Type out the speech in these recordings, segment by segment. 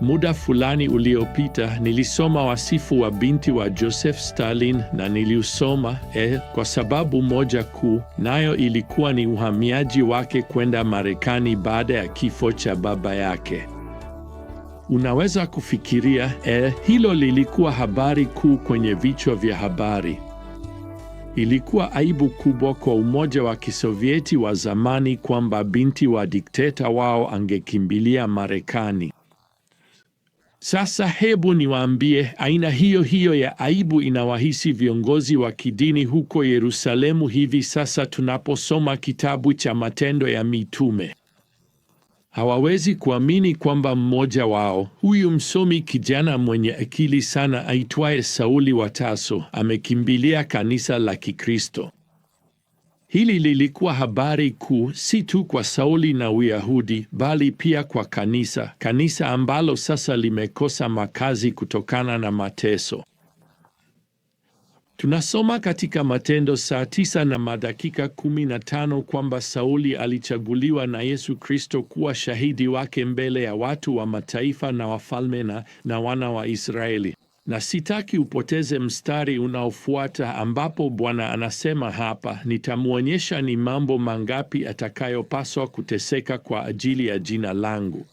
Muda fulani uliopita nilisoma wasifu wa binti wa Joseph Stalin na niliusoma eh, kwa sababu moja kuu, nayo ilikuwa ni uhamiaji wake kwenda Marekani baada ya kifo cha baba yake. Unaweza kufikiria eh, hilo lilikuwa habari kuu kwenye vichwa vya habari. Ilikuwa aibu kubwa kwa Umoja wa Kisovieti wa zamani kwamba binti wa dikteta wao angekimbilia Marekani. Sasa hebu niwaambie, aina hiyo hiyo ya aibu inawahisi viongozi wa kidini huko Yerusalemu hivi sasa tunaposoma kitabu cha Matendo ya Mitume. Hawawezi kuamini kwamba mmoja wao, huyu msomi kijana mwenye akili sana aitwaye Sauli wa Taso, amekimbilia kanisa la Kikristo. Hili lilikuwa habari kuu si tu kwa Sauli na Uyahudi, bali pia kwa kanisa, kanisa ambalo sasa limekosa makazi kutokana na mateso. Tunasoma katika Matendo saa tisa na madakika kumi na tano kwamba Sauli alichaguliwa na Yesu Kristo kuwa shahidi wake mbele ya watu wa mataifa na wafalme na, na wana wa Israeli na sitaki upoteze mstari unaofuata ambapo Bwana anasema hapa, nitamwonyesha ni mambo mangapi atakayopaswa kuteseka kwa ajili ya jina langu.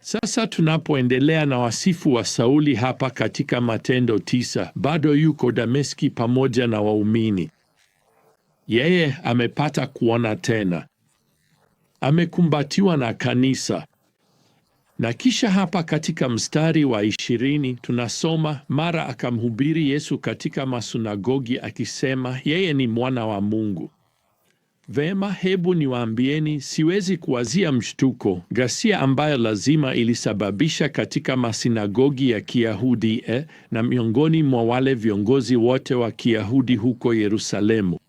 Sasa tunapoendelea na wasifu wa Sauli hapa katika Matendo tisa, bado yuko Dameski pamoja na waumini. Yeye amepata kuona tena, amekumbatiwa na kanisa. Na kisha hapa katika mstari wa ishirini tunasoma, mara akamhubiri Yesu katika masunagogi akisema, yeye ni mwana wa Mungu. Vema, hebu niwaambieni, siwezi kuwazia mshtuko, ghasia ambayo lazima ilisababisha katika masinagogi ya Kiyahudi eh, na miongoni mwa wale viongozi wote wa Kiyahudi huko Yerusalemu.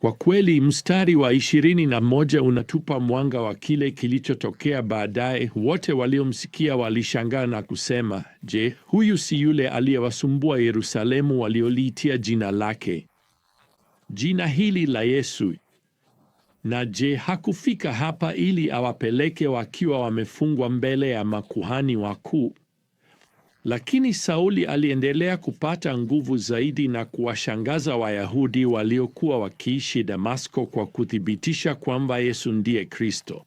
Kwa kweli mstari wa ishirini na moja unatupa mwanga wa kile kilichotokea baadaye. Wote waliomsikia walishangaa na kusema, je, huyu si yule aliyewasumbua Yerusalemu walioliitia jina lake, jina hili la Yesu? Na je, hakufika hapa ili awapeleke wakiwa wamefungwa mbele ya makuhani wakuu? Lakini Sauli aliendelea kupata nguvu zaidi na kuwashangaza Wayahudi waliokuwa wakiishi Damasko kwa kuthibitisha kwamba Yesu ndiye Kristo,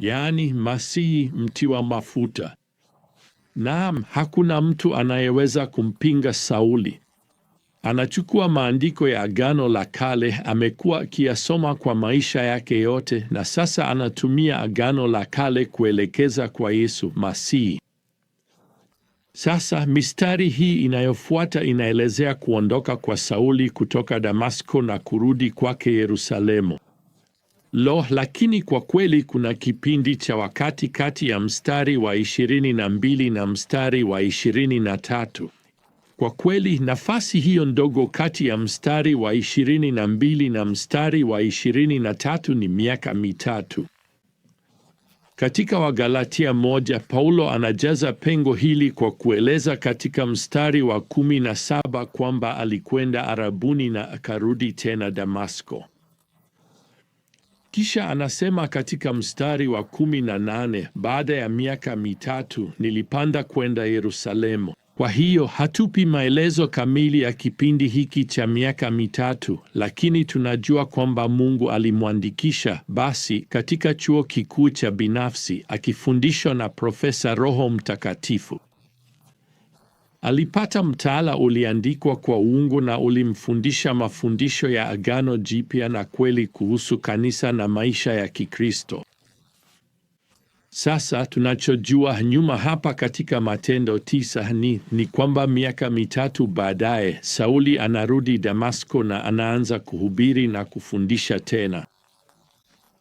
yaani Masihi mtiwa mafuta. Naam, hakuna mtu anayeweza kumpinga Sauli. Anachukua maandiko ya Agano la Kale, amekuwa akiyasoma kwa maisha yake yote, na sasa anatumia Agano la Kale kuelekeza kwa Yesu Masihi. Sasa mistari hii inayofuata inaelezea kuondoka kwa Sauli kutoka Damasko na kurudi kwake Yerusalemu. Lo, lakini kwa kweli kuna kipindi cha wakati kati ya mstari wa 22 na mstari wa 23. Kwa kweli nafasi hiyo ndogo kati ya mstari wa 22 na mstari wa 23 ni miaka mitatu. Katika Wagalatia moja Paulo anajaza pengo hili kwa kueleza katika mstari wa kumi na saba kwamba alikwenda Arabuni na akarudi tena Damasko. Kisha anasema katika mstari wa kumi na nane baada ya miaka mitatu nilipanda kwenda Yerusalemu kwa hiyo hatupi maelezo kamili ya kipindi hiki cha miaka mitatu, lakini tunajua kwamba Mungu alimwandikisha basi katika chuo kikuu cha binafsi akifundishwa na Profesa Roho Mtakatifu. Alipata mtaala uliandikwa kwa uungu na ulimfundisha mafundisho ya Agano Jipya na kweli kuhusu kanisa na maisha ya Kikristo. Sasa tunachojua nyuma hapa katika Matendo tisa ni, ni kwamba miaka mitatu baadaye Sauli anarudi Damasko na anaanza kuhubiri na kufundisha tena,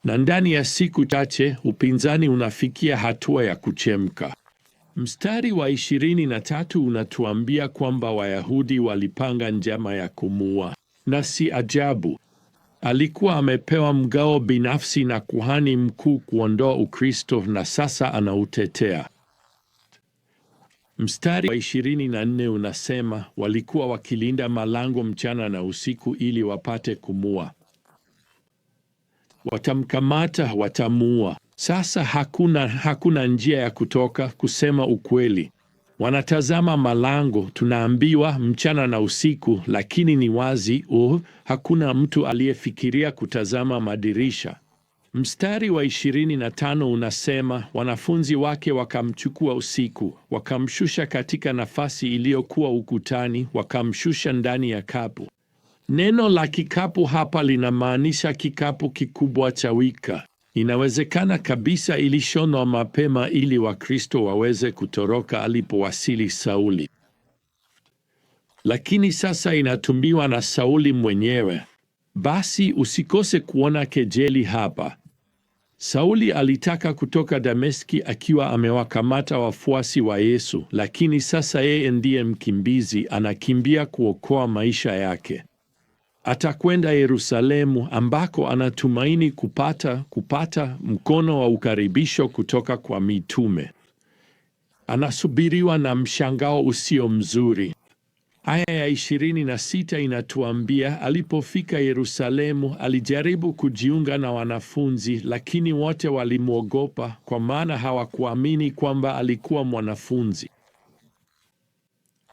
na ndani ya siku chache upinzani unafikia hatua ya kuchemka. Mstari wa ishirini na tatu unatuambia kwamba Wayahudi walipanga njama ya kumua na si ajabu. Alikuwa amepewa mgao binafsi na kuhani mkuu kuondoa Ukristo na sasa anautetea. Mstari wa 24 unasema walikuwa wakilinda malango mchana na usiku ili wapate kumua. Watamkamata, watamuua. Sasa hakuna hakuna njia ya kutoka, kusema ukweli wanatazama malango, tunaambiwa mchana na usiku, lakini ni wazi uh, hakuna mtu aliyefikiria kutazama madirisha. Mstari wa 25 unasema wanafunzi wake wakamchukua usiku, wakamshusha katika nafasi iliyokuwa ukutani, wakamshusha ndani ya kapu. Neno la kikapu hapa linamaanisha kikapu kikubwa cha wika. Inawezekana kabisa ilishonwa mapema ili Wakristo waweze kutoroka alipowasili Sauli, lakini sasa inatumbiwa na Sauli mwenyewe. Basi usikose kuona kejeli hapa. Sauli alitaka kutoka Dameski akiwa amewakamata wafuasi wa Yesu, lakini sasa yeye ndiye mkimbizi, anakimbia kuokoa maisha yake atakwenda Yerusalemu ambako anatumaini kupata kupata mkono wa ukaribisho kutoka kwa mitume. Anasubiriwa na mshangao usio mzuri. Aya ya 26 inatuambia alipofika Yerusalemu alijaribu kujiunga na wanafunzi, lakini wote walimwogopa, kwa maana hawakuamini kwamba alikuwa mwanafunzi.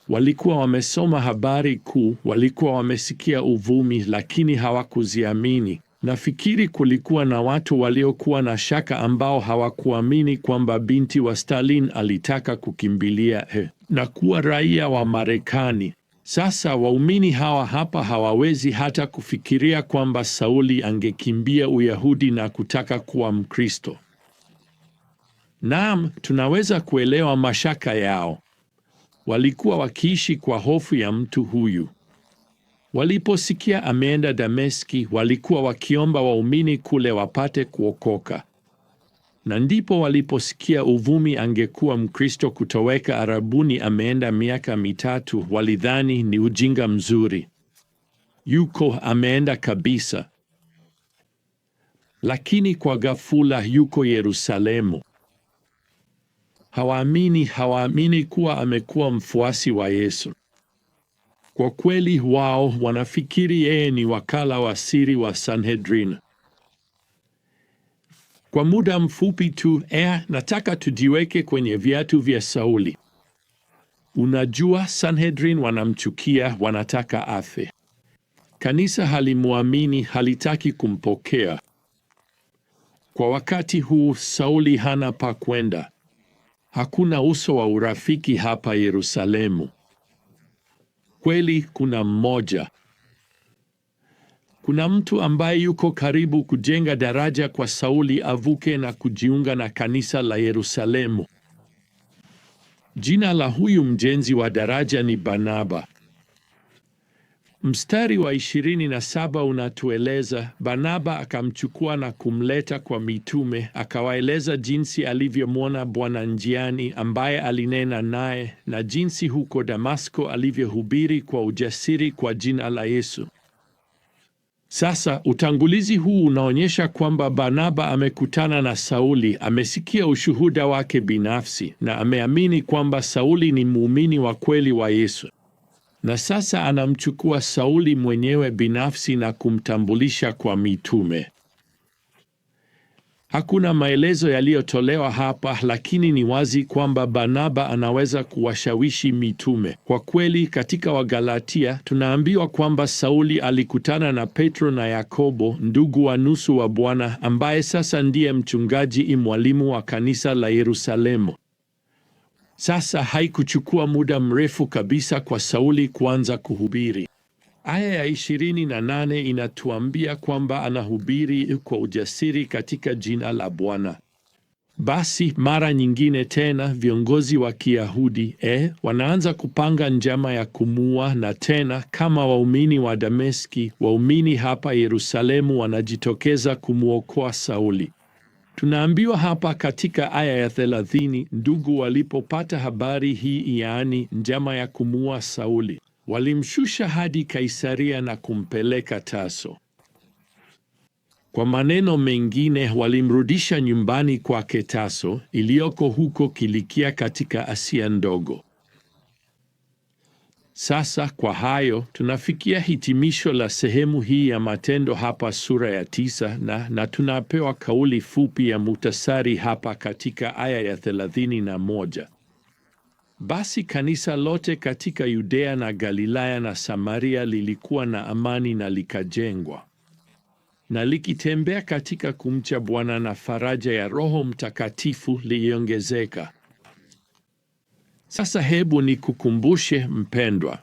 Walikuwa wamesoma habari kuu, walikuwa wamesikia uvumi, lakini hawakuziamini. Nafikiri kulikuwa na watu waliokuwa na shaka ambao hawakuamini kwamba binti wa Stalin alitaka kukimbilia he, na kuwa raia wa Marekani. Sasa waumini hawa hapa hawawezi hata kufikiria kwamba Sauli angekimbia Uyahudi na kutaka kuwa Mkristo. Naam, tunaweza kuelewa mashaka yao walikuwa wakiishi kwa hofu ya mtu huyu. Waliposikia ameenda Dameski, walikuwa wakiomba waumini kule wapate kuokoka, na ndipo waliposikia uvumi angekuwa Mkristo kutoweka Arabuni ameenda miaka mitatu, walidhani ni ujinga mzuri, yuko ameenda kabisa. Lakini kwa ghafula yuko Yerusalemu hawaamini, hawaamini kuwa amekuwa mfuasi wa Yesu. Kwa kweli, wao wanafikiri yeye ni wakala wa siri wa Sanhedrin. Kwa muda mfupi tu eh, nataka tujiweke kwenye viatu vya Sauli. Unajua, Sanhedrin wanamchukia, wanataka afe. Kanisa halimwamini, halitaki kumpokea. Kwa wakati huu Sauli hana pa kwenda. Hakuna uso wa urafiki hapa Yerusalemu. Kweli kuna mmoja. Kuna mtu ambaye yuko karibu kujenga daraja kwa Sauli avuke na kujiunga na kanisa la Yerusalemu. Jina la huyu mjenzi wa daraja ni Barnaba. Mstari wa ishirini na saba unatueleza Barnaba akamchukua na kumleta kwa mitume, akawaeleza jinsi alivyomwona Bwana njiani, ambaye alinena naye, na jinsi huko Damasko alivyohubiri kwa ujasiri kwa jina la Yesu. Sasa utangulizi huu unaonyesha kwamba Barnaba amekutana na Sauli, amesikia ushuhuda wake binafsi na ameamini kwamba Sauli ni muumini wa kweli wa Yesu na sasa anamchukua Sauli mwenyewe binafsi na kumtambulisha kwa mitume. Hakuna maelezo yaliyotolewa hapa, lakini ni wazi kwamba Barnaba anaweza kuwashawishi mitume. Kwa kweli, katika Wagalatia tunaambiwa kwamba Sauli alikutana na Petro na Yakobo, ndugu wa nusu wa Bwana, ambaye sasa ndiye mchungaji imwalimu wa kanisa la Yerusalemu. Sasa haikuchukua muda mrefu kabisa kwa Sauli kuanza kuhubiri. Aya ya 28 inatuambia kwamba anahubiri kwa ujasiri katika jina la Bwana. Basi mara nyingine tena viongozi wa Kiyahudi eh, wanaanza kupanga njama ya kumua, na tena kama waumini wa Dameski, waumini hapa Yerusalemu wanajitokeza kumwokoa Sauli. Tunaambiwa hapa katika aya ya thelathini, ndugu walipopata habari hii, yaani njama ya kumuua Sauli, walimshusha hadi Kaisaria na kumpeleka Taso. Kwa maneno mengine, walimrudisha nyumbani kwake Taso iliyoko huko Kilikia katika Asia Ndogo. Sasa kwa hayo tunafikia hitimisho la sehemu hii ya Matendo hapa sura ya tisa na, na tunapewa kauli fupi ya muhtasari hapa katika aya ya thelathini na moja. Basi kanisa lote katika Yudea na Galilaya na Samaria lilikuwa na amani na likajengwa, na likitembea katika kumcha Bwana na faraja ya Roho Mtakatifu liliongezeka. Sasa hebu nikukumbushe mpendwa,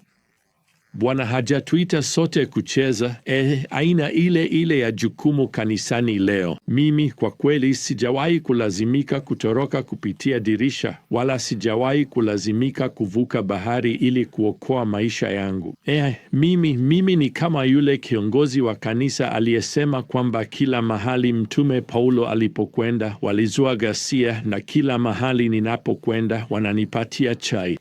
Bwana hajatuita sote kucheza eh, aina ile ile ya jukumu kanisani leo. Mimi kwa kweli sijawahi kulazimika kutoroka kupitia dirisha, wala sijawahi kulazimika kuvuka bahari ili kuokoa maisha yangu. Eh, mimi mimi ni kama yule kiongozi wa kanisa aliyesema kwamba kila mahali Mtume Paulo alipokwenda walizua ghasia, na kila mahali ninapokwenda wananipatia chai.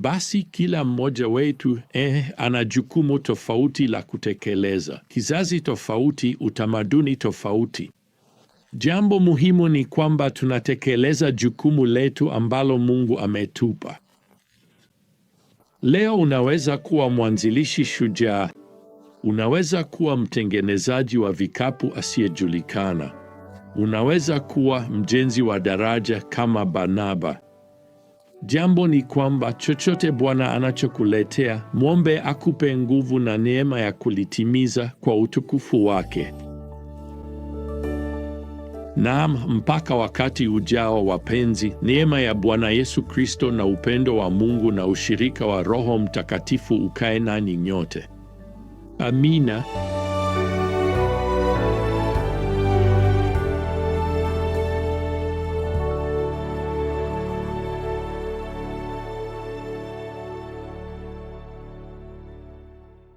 Basi kila mmoja wetu eh, ana jukumu tofauti la kutekeleza: kizazi tofauti, utamaduni tofauti. Jambo muhimu ni kwamba tunatekeleza jukumu letu ambalo Mungu ametupa. Leo unaweza kuwa mwanzilishi shujaa, unaweza kuwa mtengenezaji wa vikapu asiyejulikana, unaweza kuwa mjenzi wa daraja kama Barnaba. Jambo ni kwamba chochote Bwana anachokuletea, mwombe akupe nguvu na neema ya kulitimiza kwa utukufu wake. Naam, mpaka wakati ujao, wapenzi, neema ya Bwana Yesu Kristo na upendo wa Mungu na ushirika wa Roho Mtakatifu ukae nani nyote. Amina.